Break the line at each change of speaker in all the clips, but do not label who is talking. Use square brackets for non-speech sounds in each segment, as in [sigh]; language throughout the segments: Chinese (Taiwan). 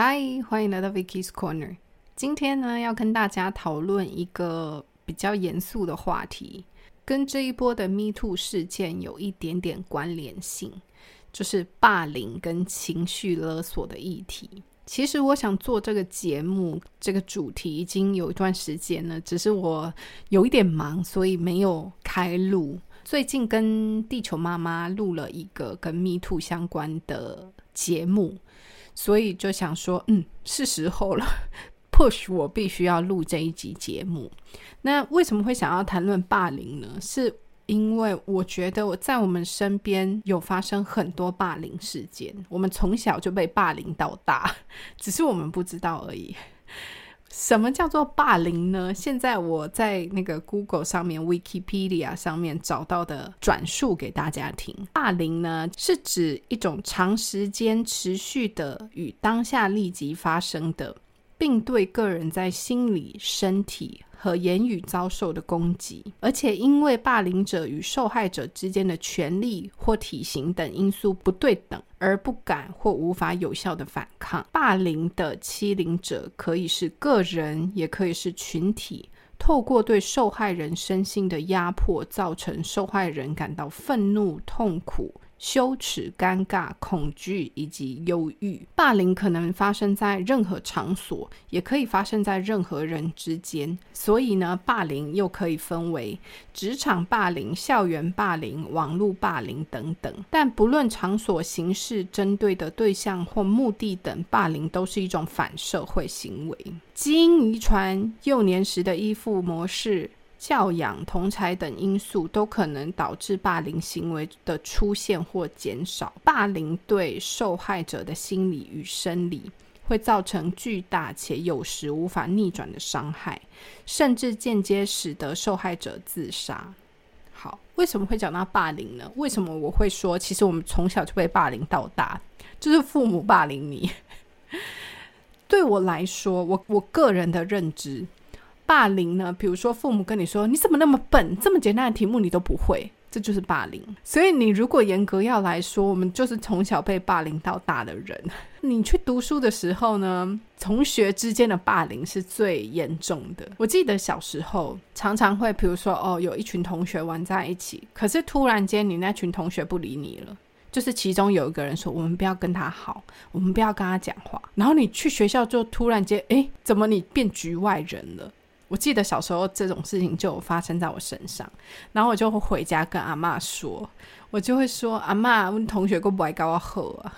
嗨，歡迎來到 Vicky's Corner。今天呢，要跟大家討論一個比較嚴肅的話題，跟這一波的 Me Too 事件有一點點關聯性，就是霸凌跟情緒勒索的議題。其實我想做這個節目，這個主題已經有一段時間了，只是我有一點忙，所以沒有開錄。最近跟地球媽媽錄了一個跟 Me Too 相關的節目。所以就想說，嗯，是時候了 [laughs] ，push 我必須要錄這一集節目。那為什麼會想要談論霸凌呢？是因為我覺得我在我們身邊有發生很多霸凌事件，我們從小就被霸凌到大，只是我們不知道而已。什麼叫做霸凌呢？現在我在那個 Google 上面，Wikipedia 上面找到的轉述給大家聽。霸凌呢，是指一種長時間持續的與當下立即發生的，並對個人在心理、身體，和言語遭受的攻擊，而且因為霸凌者與受害者之間的權力或體型等因素不對等，而不敢或無法有效的反抗。霸凌的欺凌者，可以是個人，也可以是群體，透過對受害人身心的壓迫，造成受害人感到憤怒、痛苦、羞恥、尷尬、恐懼以及憂鬱。霸凌可能發生在任何場所，也可以發生在任何人之間。所以呢，霸凌又可以分為職場霸凌、校園霸凌、網絡霸凌等等。但不論場所、形式、針對的對象或目的等，霸凌都是一種反社會行為。基因遺傳、幼年時的依附模式。教養、同儕等因素都可能導致霸凌行為的出現或減少。霸凌對受害者的心理與生理會造成巨大且有時無法逆轉的傷害，甚至間接使得受害者自殺。好，為什麼會講到霸凌呢？為什麼我會說，其實我們從小就被霸凌到大，就是父母霸凌你？ [laughs] 對我來說，我我個人的認知。霸凌呢？比如說，父母跟你說：“你怎麼那麼笨？這麼簡單的題目你都不會。”這就是霸凌。所以，你如果嚴格要來說，我們就是從小被霸凌到大的人。 [laughs] 你去讀書的時候呢，同學之間的霸凌是最嚴重的。我記得小時候常常會，比如說，哦，有一群同學玩在一起，可是突然間你那群同學不理你了，就是其中有一個人說：“我們不要跟他好，我們不要跟他講話。”然後你去學校就突然間，哎，怎麼你變局外人了？我記得小時候這種事情就有發生在我身上，然後我就回家跟阿嬤說，我就會說阿嬤，我們同學還不來跟我好啊。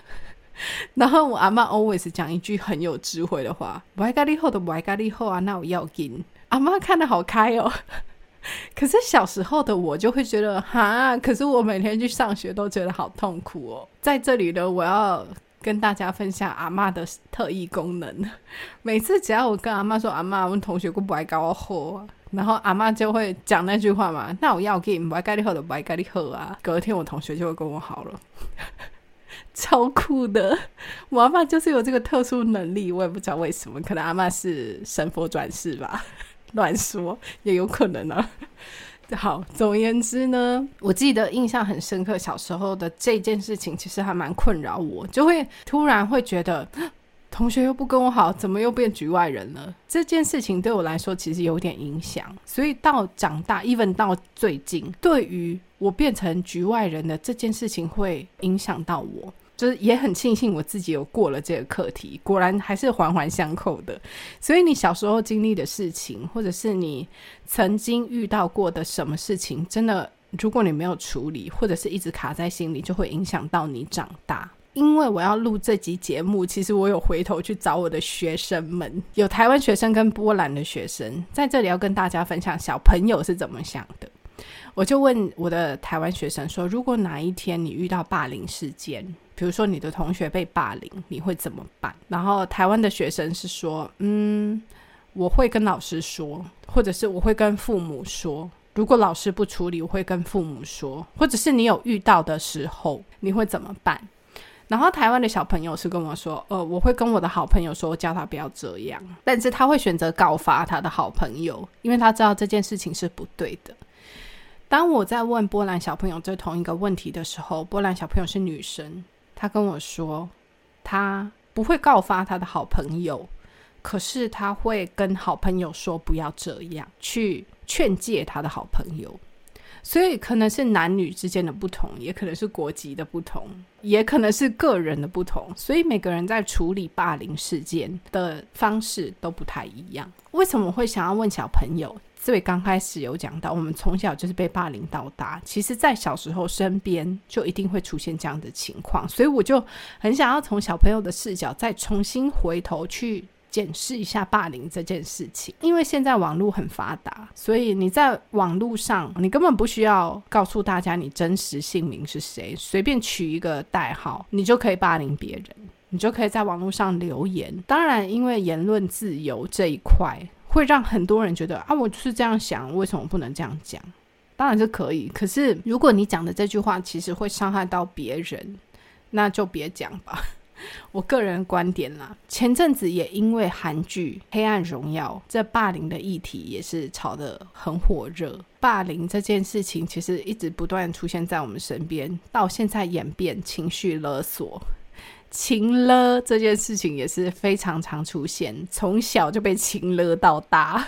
[laughs] 然後我阿嬤 always 講一句很有智慧的話：不來跟你好就不來跟你好啊，那我要緊。阿嬤看得好開哦，喔， [laughs] 可是小時候的我就會覺得哈，可是我每天去上學都覺得好痛苦哦，喔，在這裡呢，我要。跟大家分享阿嬤的特異功能。每次只要我跟阿嬤說阿嬤，我同學不愛跟我好，然後阿嬤就會講那句話嘛。那我要不愛給你好，就不愛給你好啊。隔天我同學就會跟我好了，超酷的。我阿嬤就是有這個特殊能力，我也不知道為什麼，可能阿嬤是神佛轉世吧，亂說也有可能啊。好，總而言之呢，我記得印象很深刻，小時候的這件事情其實還蠻困擾我，就會突然會覺得，同學又不跟我好，怎麼又變局外人了？這件事情對我來說其實有點影響，所以到長大，even 到最近，對於我變成局外人的這件事情，會影響到我。就是也很慶幸我自己有過了這個課題，果然還是環環相扣的。所以你小時候經歷的事情，或者是你曾經遇到過的什麼事情，真的，如果你沒有處理，或者是一直卡在心裡，就會影響到你長大。因為我要錄這集節目，其實我有回頭去找我的學生們，有台灣學生跟波蘭的學生，在這裡要跟大家分享小朋友是怎麼想的。我就問我的台灣學生說：“如果哪一天你遇到霸凌事件，比如說你的同學被霸凌，你會怎麼辦？”然後台灣的學生是說：“嗯，我會跟老師說，或者是我會跟父母說。如果老師不處理，我會跟父母說。或者是你有遇到的時候，你會怎麼辦？”然後台灣的小朋友是跟我說：“呃，我會跟我的好朋友說，我叫他不要這樣。但是他會選擇告發他的好朋友，因為他知道這件事情是不對的。”當我在問波蘭小朋友這同一個問題的時候，波蘭小朋友是女生，她跟我說，她不會告發她的好朋友，可是她會跟好朋友說不要這樣，去勸誡她的好朋友。所以可能是男女之間的不同，也可能是國籍的不同，也可能是個人的不同。所以每個人在處理霸凌事件的方式都不太一樣。為什麼我會想要問小朋友？這位剛開始有講到，我們從小就是被霸凌到大。其實，在小時候身邊就一定會出現這樣的情況，所以我就很想要從小朋友的視角再重新回頭去檢視一下霸凌這件事情。因為現在網絡很發達，所以你在網絡上，你根本不需要告訴大家你真實姓名是誰，隨便取一個代號，你就可以霸凌別人，你就可以在網絡上留言。當然，因為言論自由這一塊。會讓很多人覺得啊，我是這樣想，為什麼不能這樣講？當然是可以，可是如果你講的這句話其實會傷害到別人，那就別講吧。 [laughs] 我個人的觀點啦，前陣子也因為韓劇《黑暗榮耀》這霸凌的議題也是吵得很火熱，霸凌這件事情其實一直不斷出現在我們身邊，到現在演變情緒勒索。情勒這件事情也是非常常出現，從小就被情勒到大，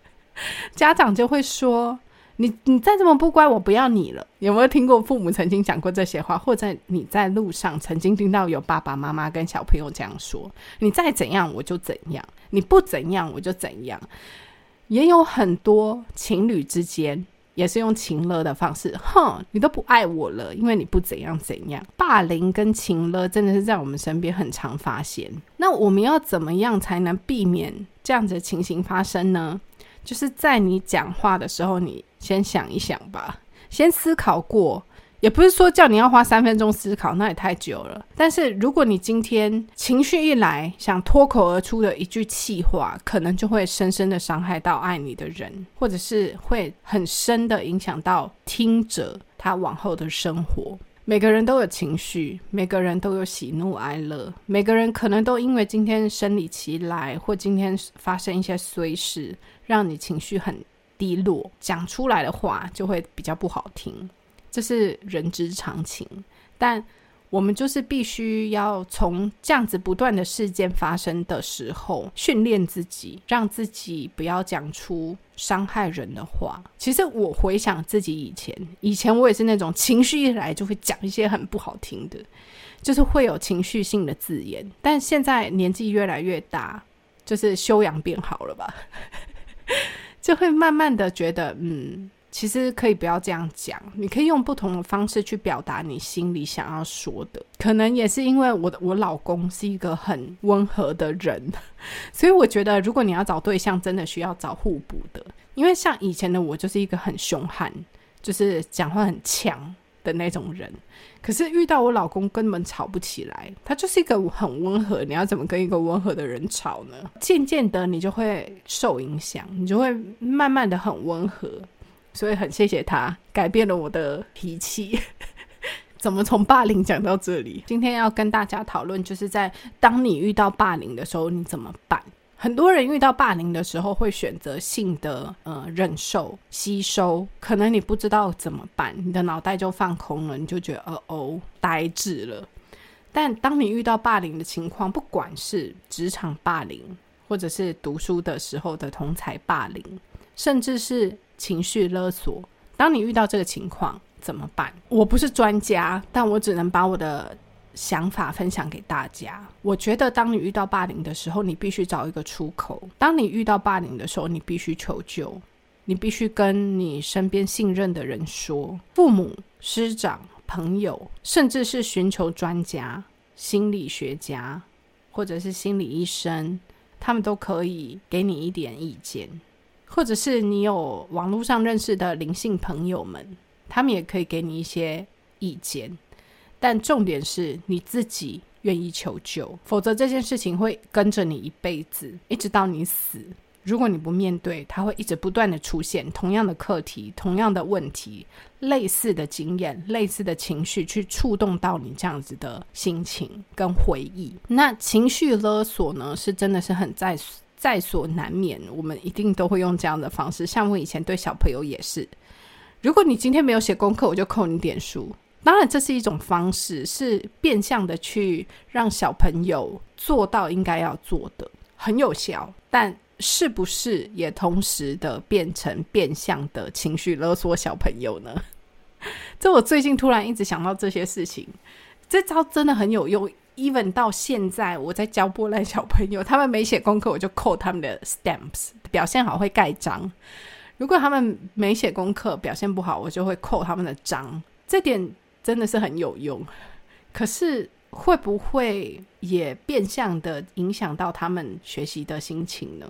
[laughs] 家長就會說：“你你再這麼不乖，我不要你了。”有沒有聽過父母曾經講過這些話？或者你在路上曾經聽到有爸爸媽媽跟小朋友這樣說：“你再怎樣我就怎樣，你不怎樣我就怎樣。”也有很多情侶之間。也是用情勒的方式，哼，你都不愛我了，因為你不怎樣怎樣。霸凌跟情勒真的是在我們身邊很常發現。那我們要怎麼樣才能避免這樣子的情形發生呢？就是在你講話的時候，你先想一想吧，先思考過。也不是說叫你要花三分鐘思考，那也太久了。但是如果你今天情緒一來，想脫口而出的一句氣話，可能就會深深的傷害到愛你的人，或者是會很深的影響到聽者他往後的生活。每個人都有情緒，每個人都有喜怒哀樂，每個人可能都因為今天生理期來，或今天發生一些衰事，讓你情緒很低落，講出來的話就會比較不好聽。這是人之常情，但我們就是必須要從這樣子不斷的事件發生的時候，訓練自己，讓自己不要講出傷害人的話。其實我回想自己以前，以前我也是那種情緒一來就會講一些很不好聽的，就是會有情緒性的字眼。但現在年紀越來越大，就是修養變好了吧， [laughs] 就會慢慢的覺得嗯。其實可以不要這樣講，你可以用不同的方式去表達你心裡想要說的。可能也是因為我的我老公是一個很溫和的人，所以我覺得如果你要找對象，真的需要找互補的。因為像以前的我就是一個很兇悍，就是講話很強的那種人，可是遇到我老公根本吵不起來，他就是一個很溫和，你要怎麼跟一個溫和的人吵呢？漸漸的你就會受影響，你就會慢慢的很溫和。所以很謝謝他改變了我的脾氣。 [laughs] 怎麼從霸凌講到這裡？今天要跟大家討論，就是在當你遇到霸凌的時候，你怎麼辦？很多人遇到霸凌的時候，會選擇性的呃、忍受、吸收，可能你不知道怎麼辦，你的腦袋就放空了，你就覺得哦、呃、呆滯了。但當你遇到霸凌的情況，不管是職場霸凌，或者是讀書的時候的同儕霸凌，甚至是情緒勒索，當你遇到這個情況怎麼辦？我不是專家，但我只能把我的想法分享給大家。我覺得，當你遇到霸凌的時候，你必須找一個出口；當你遇到霸凌的時候，你必須求救，你必須跟你身邊信任的人說，父母、師長、朋友，甚至是尋求專家、心理學家或者是心理醫生，他們都可以給你一點意見。或者是你有網絡上認識的靈性朋友們，他們也可以給你一些意見。但重點是你自己願意求救，否則這件事情會跟着你一輩子，一直到你死。如果你不面對，它會一直不斷的出現同樣的課題、同樣的問題、類似的經驗、類似的情緒，去觸動到你這樣子的心情跟回憶。那情緒勒索呢，是真的是很在，在所難免，我們一定都會用這樣的方式。像我以前對小朋友也是，如果你今天沒有寫功課，我就扣你點數。當然，這是一種方式，是變相的去讓小朋友做到應該要做的，很有效。但是不是也同時的變成變相的情緒勒索小朋友呢？這我最近突然一直想到這些事情，這招真的很有用。Even 到現在，我在教波蘭小朋友，他們沒寫功課，我就扣他們的 stamps，表現好會蓋章；如果他們沒寫功課，表現不好，我就會扣他們的章。這點真的是很有用，可是會不會也變相的影響到他們學習的心情呢？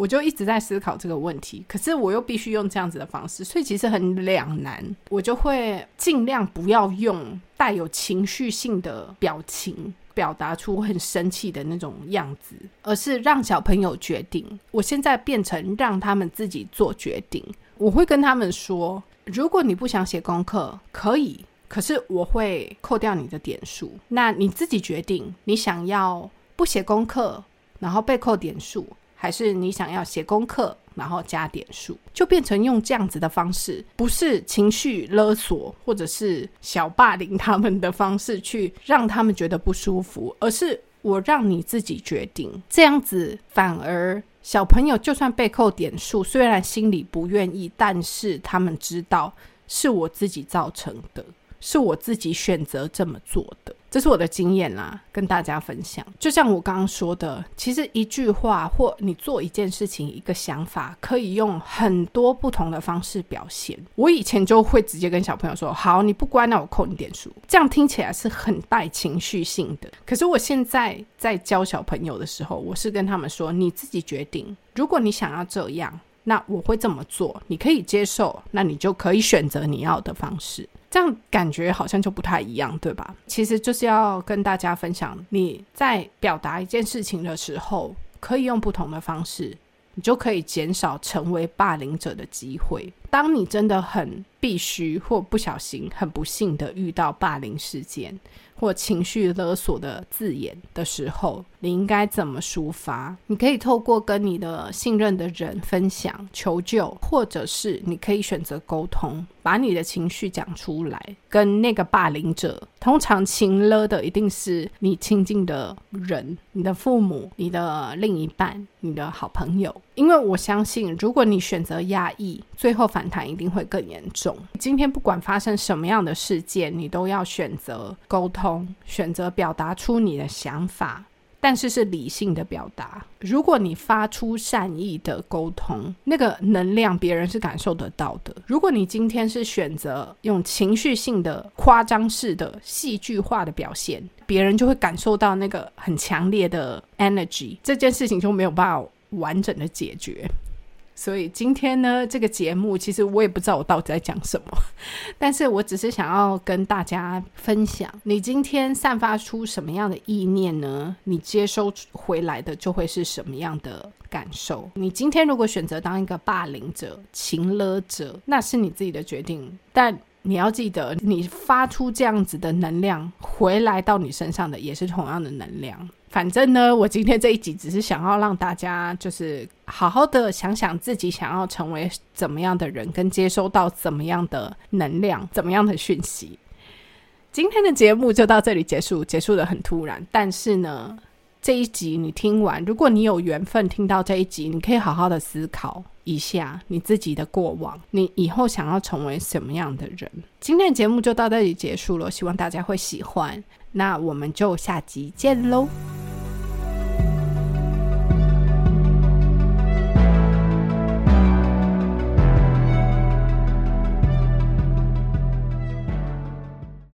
我就一直在思考這個問題，可是我又必須用這樣子的方式，所以其實很兩難。我就會盡量不要用帶有情緒性的表情，表達出我很生氣的那種樣子，而是讓小朋友決定。我現在變成讓他們自己做決定。我會跟他們說：“如果你不想寫功課，可以，可是我會扣掉你的點數。那你自己決定，你想要不寫功課，然後被扣點數。”還是你想要寫功課，然後加點數，就變成用這樣子的方式，不是情緒勒索或者是小霸凌他們的方式去讓他們覺得不舒服，而是我讓你自己決定。這樣子反而小朋友就算被扣點數，雖然心裡不願意，但是他們知道是我自己造成的。是我自己選擇這麼做的，這是我的經驗啦，跟大家分享。就像我剛剛說的，其實一句話或你做一件事情、一個想法，可以用很多不同的方式表現。我以前就會直接跟小朋友說：“好，你不乖，那我扣你點數。”這樣聽起來是很帶情緒性的。可是我現在在教小朋友的時候，我是跟他們說：“你自己決定，如果你想要這樣，那我會這麼做。你可以接受，那你就可以選擇你要的方式。”這樣感覺好像就不太一樣，對吧？其實就是要跟大家分享，你在表達一件事情的時候，可以用不同的方式，你就可以減少成為霸凌者的機會。當你真的很必須或不小心、很不幸的遇到霸凌事件或情緒勒索的字眼的時候，你應該怎麼抒發？你可以透過跟你的信任的人分享、求救，或者是你可以選擇溝通，把你的情緒講出來。跟那個霸凌者，通常情勒的一定是你親近的人，你的父母、你的另一半、你的好朋友。因為我相信，如果你選擇壓抑，最後反彈一定會更嚴重。今天不管發生什麼樣的事件，你都要選擇溝通，選擇表達出你的想法。但是是理性的表達。如果你發出善意的溝通，那個能量別人是感受得到的。如果你今天是選擇用情緒性的、誇張式的、戲劇化的表現，別人就會感受到那個很強烈的 energy。這件事情就沒有辦法完整的解決。所以今天呢，這個節目其實我也不知道我到底在講什麼，但是我只是想要跟大家分享：你今天散發出什麼樣的意念呢？你接收回來的就會是什麼樣的感受？你今天如果選擇當一個霸凌者、情勒者，那是你自己的決定，但你要記得，你發出這樣子的能量，回來到你身上的也是同樣的能量。反正呢，我今天這一集只是想要讓大家就是好好的想想自己想要成為怎麼樣的人，跟接收到怎麼樣的能量、怎麼樣的訊息。今天的節目就到這裡結束，結束得很突然。但是呢，這一集你聽完，如果你有緣分聽到這一集，你可以好好的思考一下你自己的過往，你以後想要成為什麼樣的人。今天的節目就到這裡結束了，希望大家會喜歡。那我們就下集見嘍。